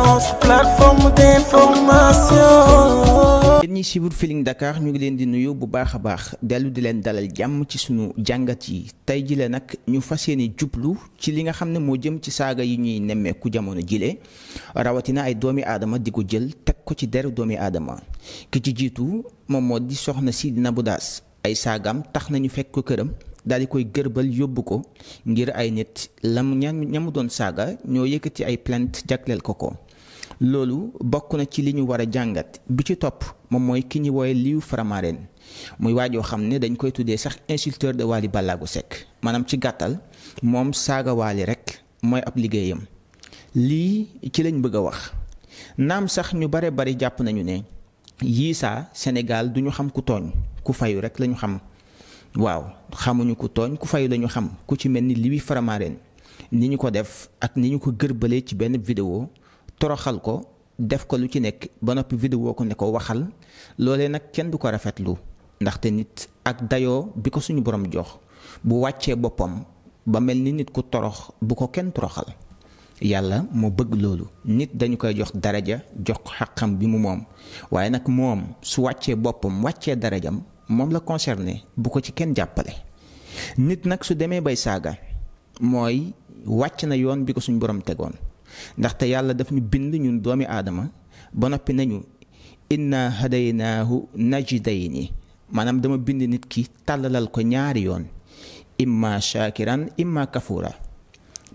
référence plateforme d'information. yéen Dakar ñu ngi leen di nuyu bu baax a baax dellu di leen dalal jàmm ci sunu jàngat yi tey jile nag ñu fas yéene jublu ci li nga xam ne moo jëm ci saaga yi ñuy nemmeeku jamono jile rawatina ay doomi aadama di ko jël teg ko ci deru doomi aadama ki ci jiitu moom moo di soxna si dina bu daas ay saagam tax nañu fekk ko këram. daal di koy gërbal yóbbu ko ngir ay nit lam ña ñamu doon saaga ñoo yëkkati ay plainte jagleel ko ko loolu bokk na ci li ñu war a jàngat bi ci topp moom mooy ki ñu wooye Liw Faramareen muy waajoo xam ne dañ koy tuddee sax insulteur de Wally Ballago Seck maanaam ci gàttal moom saaga Wally rek mooy ab liggéeyam lii ci lañ bëgg a wax naam sax ñu bare bari jàpp nañu ne yii saa duñu xam ku tooñ ku fayu rek lañu xam waaw xamuñu ku tooñ ku fayu lañu xam ku ci mel ni Liw Faramareen ni ñu ko def ak ni ñu ko gërbalee ci benn vidéo toroxal ko def ko lu ci nekk ba noppi vidéo ko ne ko waxal loolee nag kenn du ko rafetlu ndaxte nit ak dayoo bi ko suñu borom jox bu wàccee boppam ba mel ni nit ku torox bu ko kenn toroxal yàlla moo bëgg loolu nit dañu koy jox daraja jox ko xaqam bi mu moom waaye nag moom su wàccee boppam wàccee darajam moom la concerné bu ko ci kenn jàppale nit nag su demee bay saaga mooy wàcc na yoon bi ko suñu borom tegoon ndaxte yàlla daf ñu bind ñun doomi aadama ba noppi nañu inna hadaynaahu najidayni maanaam dama bind nit ki tàllalal ko ñaari yoon imma shakiran imma kafura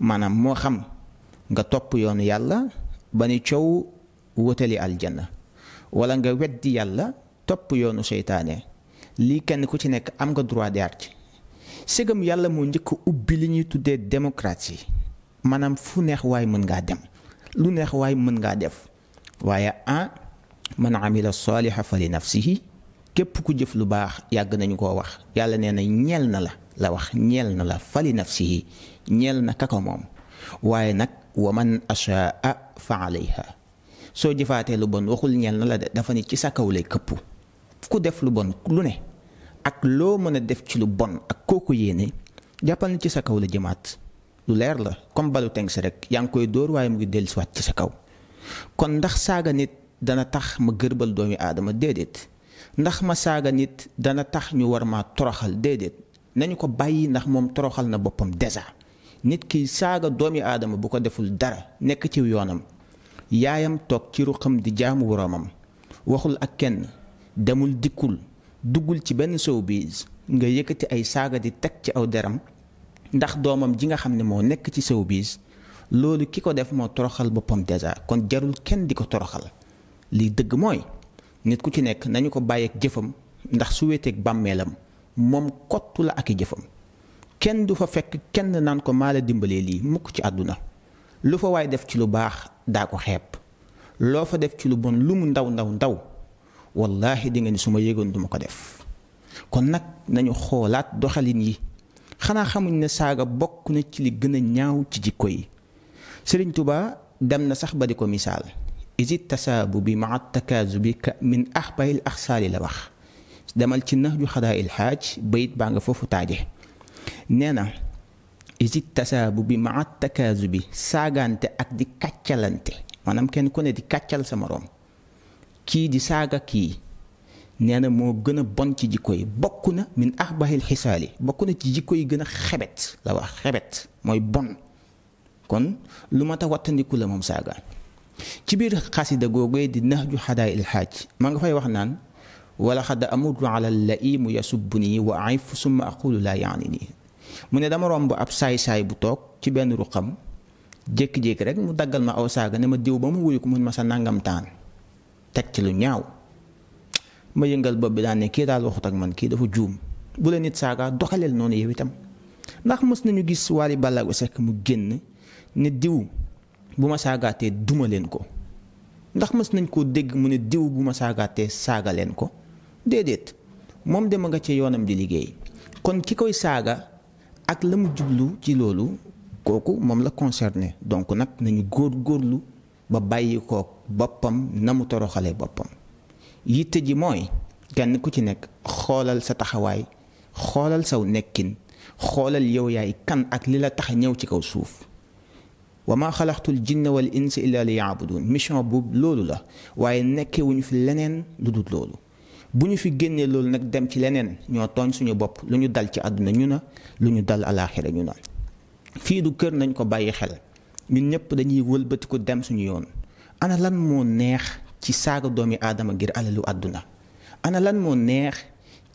maanaam moo xam nga topp yoonu yàlla ba ni coow wutali aljanna walla nga weddi yàlla topp yoonu seytaane lii kenn ku ci nekk am nga droit de ci ségam yàlla moo njëkk ubbi li ñuy tuddee démocratie maanaam fu neex waaye mën ngaa dem lu neex waay mën ngaa def waaye ah man amila saaliha fa li nafsihi képp ku jëf lu baax yàgg nañu koo wax yàlla nee na ñeel na la la wax ñeel na la fa li nafsihi ñeel na kaka moom waaye nag wa man achaa fa alayha soo jëfaatee lu bon waxul ñeel na la de dafa ne ci sa kaw lay këpp ku def lu bon lu ne ak loo mën a def ci lu bon ak kooku yéene jàppal na ci sa la jëmaat lu leer la comme balu teng si rek yaa ngi koy dóor waaye mu ngi dellusiwaat ci sa kaw kon ndax saaga nit dana tax ma gërbal doomi aadama déedéet ndax ma saaga nit dana tax ñu war maa toroxal déedéet nañu ko bàyyi ndax moom toroxal na boppam desa nit ki saaga doomi aadama bu ko deful dara nekk ci yoonam yaayam toog ci ruqam di jaamu boroomam waxul ak kenn demul dikkul duggul ci benn showbiz nga yëkkati ay saaga di teg ci aw deram ndax doomam ji nga xam ne moo nekk ci biis loolu ki ko def moo toroxal boppam déjà kon jarul kenn di ko toroxal lii dëgg mooy nit ku ci nekk nañu ko bàyyeek jëfam ndax su weeteeg bàmmeelam moom kottu la ak i jëfam kenn du fa fekk kenn naan ko maala dimbalee lii mukk ci àdduna lu fa waaye def ci lu baax daa ko xeeb loo fa def ci lu bon lu mu ndaw ndaw ndaw wallaahi di nga ni su ma yégoon duma ko def kon nag nañu xoolaat doxalin yi xanaa xamuñ ne saaga bokk na ci li gën a ñaaw ci jikko yi Sëriñ Tuba dem na sax ba di ko misaal isit tasaabu bi maa takaazu bi ka min ahbayil axsaali la wax demal ci na ju xadaa il bayit baa nga foofu taaje nee na isit tasaabu bi maa takaazu bi saagaante ak di kàccalante maanaam kenn ku ne di kàccal sa moroom kii di saaga kii nee na moo gën a bon ci jikko yi bokk na min ahbahil xisaali bokk na ci jikko yi gën a xebet la wax xebet mooy bon kon lu ma a wattandiku la moom saaga ci biir xasida googee di nahju xadaa il xaaj maa nga fay wax naan wala xadda amurru ala laimu yasubbu nii wa aif summa aqulu laa yaani nii mu ne dama romb ab saay-saay bu toog ci benn ruqam jékki-jékki rek mu daggal ma aw saaga ne ma diw ba mu wuyu ko mun ma sa nangam taan teg ci lu ñaaw ma yëngal bopp bi daan ne kii daal waxut ak man kii dafa juum bu la nit saaga doxaleel noonu yow itam ndax mës nañu gis Wally Ballago Seck mu génn ne diw bu ma saagaatee duma leen ko ndax mës nañ koo dégg mu ne diw bu ma saagaatee saaga leen ko déedéet moom dema nga ci yoonam di liggéey kon ki koy saaga ak la mu jublu ci loolu kooku moom la concerné donc nag nañu góor góorlu ba bàyyi ko boppam na mu toroxalee boppam yitte ji mooy kenn ku ci nekk xoolal sa taxawaay xoolal saw nekkin xoolal yow yaay kan ak li la tax ñëw ci kaw suuf wa ma xalaqtul jinna wal insa illa li yaabudun mission boobu loolu la waaye nekkee wu ñu fi leneen lu dul loolu bu ñu fi génnee loolu nag dem ci leneen ñoo tooñ suñu bopp lu ñu dal ci àdduna ñu na lu ñu dal alaaxira ñu na fii du kër nañ ko bàyyi xel ñun ñëpp dañuy wëlbatiku dem suñu yoon ana moo neex ci saaga doomi aadama ngir alalu àdduna ana lan moo neex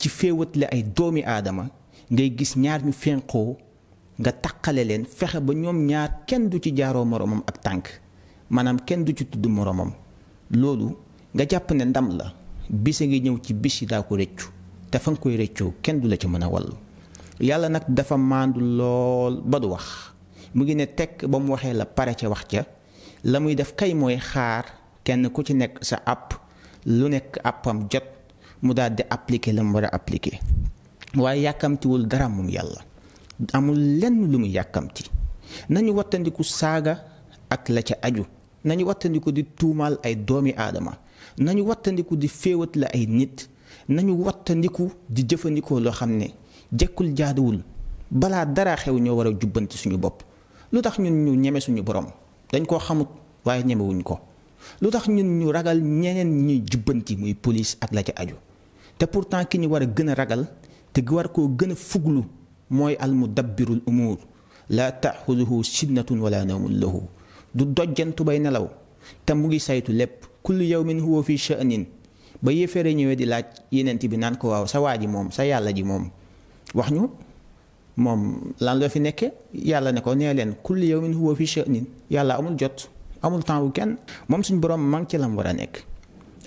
ci féewatle ay doomi aadama ngay gis ñaar ñu fénqoo nga taqale leen fexe ba ñoom ñaar kenn du ci jaaroo moroomam ak tànk maanaam kenn du ci tudd moroomam loolu nga jàpp ne ndam la bise ngi ñëw ci bis yi daa ko rëccu dafa fa nga koy rëccoo kenn du la ci mën a wallu yàlla nag dafa maandu lool ba du wax mu ngi ne tekk ba mu waxee la pare ca wax ca la muy def kay mooy xaar kenn ku ci nekk sa app lu nekk appam jot mu daal di appliquer la mu war a appliquer waaye yàkkamtiwul dara moom yàlla amul lenn lu mu yàkkamti nañu wattandiku saaga ak la ca aju nañu wattandiku di tuumaal ay doomi aadama nañu wattandiku di féewat la ay nit nañu wattandiku di jëfandikoo loo xam ne jekkul jaaduwul balaa dara xew ñoo war a jubbanti suñu bopp lu tax ñun ñu ñeme suñu borom dañ koo xamut waaye ñemewuñ ko lu tax ñun ñu ragal ñeneen ñuy jubbanti muy police ak la ca aju te pourtant ki ñu war a gën a ragal te war koo gën a fuglu mooy almudabbirul umuur laa taaxuduhu sinnatun wala nawmun lahu du dojjantu bay nelaw te mu ngi saytu lépp kullu yawmin huwa fi sha'nin ba yéefeere ñëwee di laaj yenent bi naan ko waaw sa waa ji moom sa yàlla ji moom wax ñu moom lan la fi nekke yàlla ne ko nee leen kullu yawmin huwa fi sha'nin yàlla amul jot amul temps wu kenn moom suñu borom maa ngi ci lam war a nekk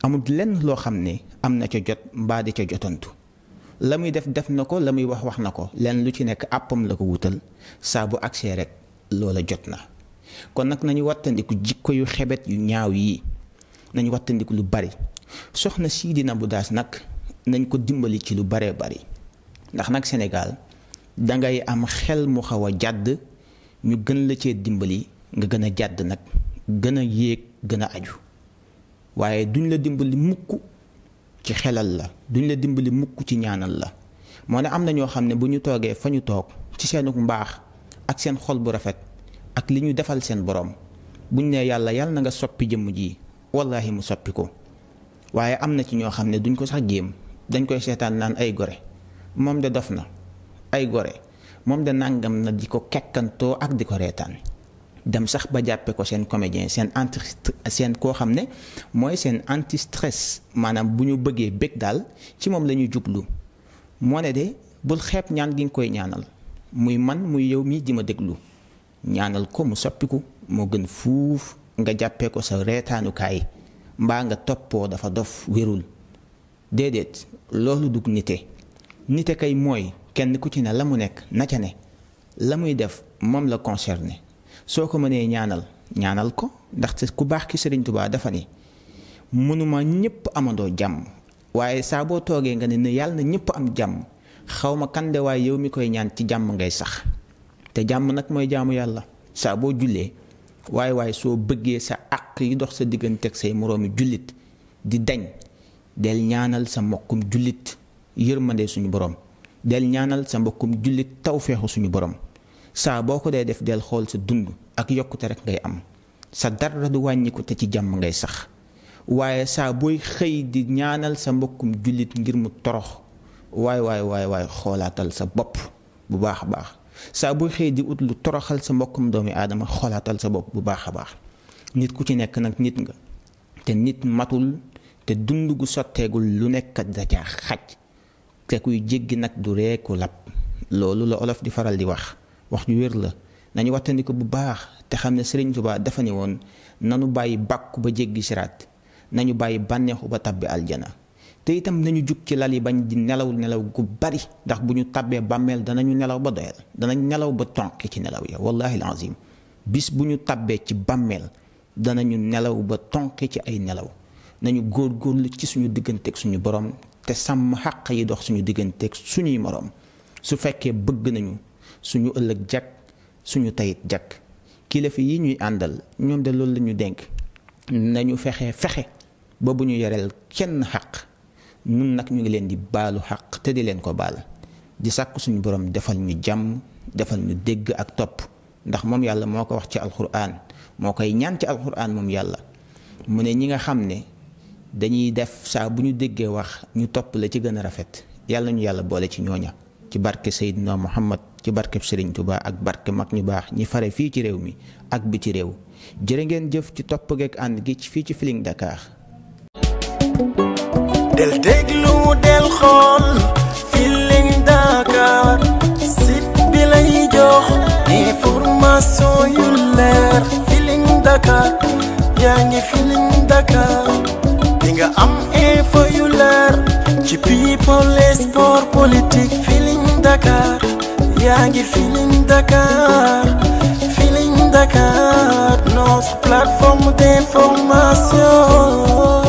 amul lenn loo xam ne am na ca jot mbaa di ca jotantu la muy def def na ko la muy wax wax na ko lenn lu ci nekk àppam la ko wutal saabu bu agsee rek loola jot na kon nag nañu wattandiku jikko yu xebet yu ñaaw yii nañu wattandiku lu bari soxna sii di Nabou Dash nag nañ ko dimbali ci lu baree bari ndax nag Sénégal dangay am xel mu xaw a jàdd ñu gën la cee dimbali nga gën a jàdd nag gën a yéeg gën a aju waaye duñ la dimbali mukk ci xelal la duñ la dimbali mukk ci ñaanal la moo ne am na ñoo xam ne bu ñu toogee fa ñu toog ci seenu mbaax ak seen xol bu rafet ak li ñu defal seen borom buñ ne yàlla yàlla na nga soppi jëmm ji wallaahi mu soppi ko waaye am na ci ñoo xam ne duñ ko sax jéem dañ koy seetaan naan ay gore moom de dof na ay gore moom de nàngam na di ko kekkantoo ak di ko reetaan dem sax ba jàppee ko seen comédien seen anti seen koo xam ne mooy seen anti stress maanaam bu ñu bëggee bëgg daal ci moom la ñuy jublu moo ne de bul xeeb ñaan gi nga koy ñaanal muy man muy yow mii di ma déglu ñaanal ko mu soppiku moo gën fuuf nga jàppee ko sa reetaanukaay mbaa nga toppoo dafa dof wérul déedéet loolu dugg nite nite kay mooy kenn ku ci ne la mu nekk na ca ne la muy def moom la concerné soo ko mënee ñaanal ñaanal ko ndaxte ku baax ki Serigne Touba dafa ni mënuma ñëpp amandoo jàmm waaye saa boo toogee nga ne ne yàlla na ñëpp am jàmm xaw ma kan waaye yow mi koy ñaan ci jàmm ngay sax te jàmm nag mooy jaamu yàlla saa boo jullee waaye waaye soo bëggee sa àq yi dox sa diggante ak say moroomi jullit di dañ del ñaanal sa mbokkum jullit yërmande suñu borom del ñaanal sa mbokkum jullit tawféexu suñu borom. saa boo ko dee def del xool sa dund ak yokkute rekk ngay am sa dara du wàññiku te ci jàmm ngay sax waaye saa booy xëy di ñaanal sa mbokkum jullit ngir mu torox waay waay waay waay xoolaatal sa bopp bu baax a baax saa booy xëy di ut lu toroxal sa mbokkum doomi aadama xoolaatal sa bopp bu baax a baax nit ku ci nekk nag nit nga te nit matul te dund gu sotteegul lu nekk da caa xaj te kuy jéggi nag du reeku lab loolu la olof di faral di wax wax ju wér la nañu wattandiku bu baax te xam ne Sëriñ Tuubaa dafa ne woon nanu bàyyi bàkku ba jéggi siraat nañu bàyyi bànneexu ba tàbbi aljana te itam nañu jug ci lal yi bañ di nelaw nelaw gu bari ndax bu ñu tàbbee bàmmeel danañu nelaw ba doyal danañ nelaw ba tonk ci nelaw ya wallahi alazim bis bu ñu tàbbee ci bàmmeel danañu nelaw ba tonk ci ay nelaw nañu góorgóorlu ci suñu digganteeg suñu borom te sàmm xàq yi dox suñu digganteeg suñuy moroom su fekkee bëgg suñu ëllëg jag suñu tayit jag kilifa yi ñuy àndal ñoom de loolu lañu dénk nañu fexe fexe ba bu ñu yoreel kenn xaq nun nag ñu ngi leen di baalu xaq te di leen ko baal di sàkk suñu borom defal ñu jàmm defal ñu dégg ak topp ndax moom yàlla moo ko wax ci alxuraan moo koy ñaan ci alxuraan moom yàlla mu ne ñi nga xam ne dañuy def saa bu ñu déggee wax ñu topp la ci gën a rafet yàlla ñu yàlla boole ci ñooña ci barke Seydina Muhammad ci barkeb Serigne Touba ak barke mag ñu baax ñi fare fii ci réew mi ak biti réew jërë ngeen jëf ci topp geeg ànd gi ci fii ci Feeling Dakar. del déglu del xool Feeling Dakar yaa ngi Feeling Dakar di am info yu leer ci people sport politique. Dakar yaa ngi Feeling